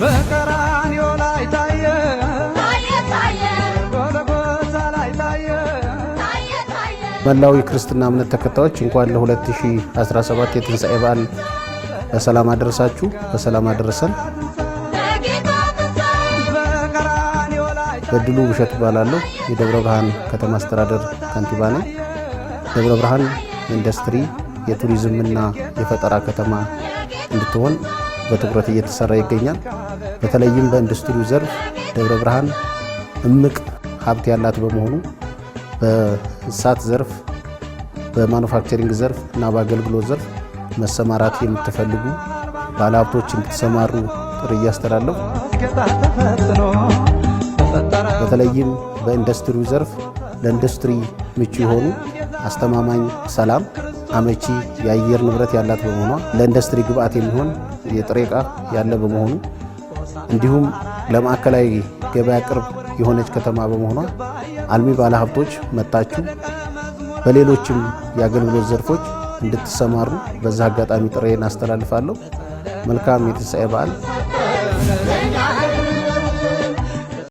በቀራንዮ ላይ ታየ ጎልጎታ ላይ ታየ። መላው የክርስትና እምነት ተከታዮች እንኳን ለ2017 የትንሣኤ በዓል በሰላም አደረሳችሁ፣ በሰላም አደረሰን። በድሉ ውሸት እባላለሁ። የደብረ ብርሃን ከተማ አስተዳደር ከንቲባ ነኝ። ደብረ ብርሃን ኢንዱስትሪ የቱሪዝምና የፈጠራ ከተማ እንድትሆን በትኩረት እየተሰራ ይገኛል። በተለይም በኢንዱስትሪው ዘርፍ ደብረ ብርሃን እምቅ ሀብት ያላት በመሆኑ በእንስሳት ዘርፍ፣ በማኑፋክቸሪንግ ዘርፍ እና በአገልግሎት ዘርፍ መሰማራት የምትፈልጉ ባለሀብቶች እንድትሰማሩ ጥሪ እያስተላለፉ በተለይም በኢንዱስትሪው ዘርፍ ለኢንዱስትሪ ምቹ የሆኑ አስተማማኝ፣ ሰላም አመቺ የአየር ንብረት ያላት በመሆኗ ለኢንዱስትሪ ግብዓት የሚሆን የጥሬ ዕቃ ያለ በመሆኑ እንዲሁም ለማዕከላዊ ገበያ ቅርብ የሆነች ከተማ በመሆኗ አልሚ ባለሀብቶች መጣችሁ በሌሎችም የአገልግሎት ዘርፎች እንድትሰማሩ በዛ አጋጣሚ ጥሬን አስተላልፋለሁ። መልካም የትንሣኤ በዓል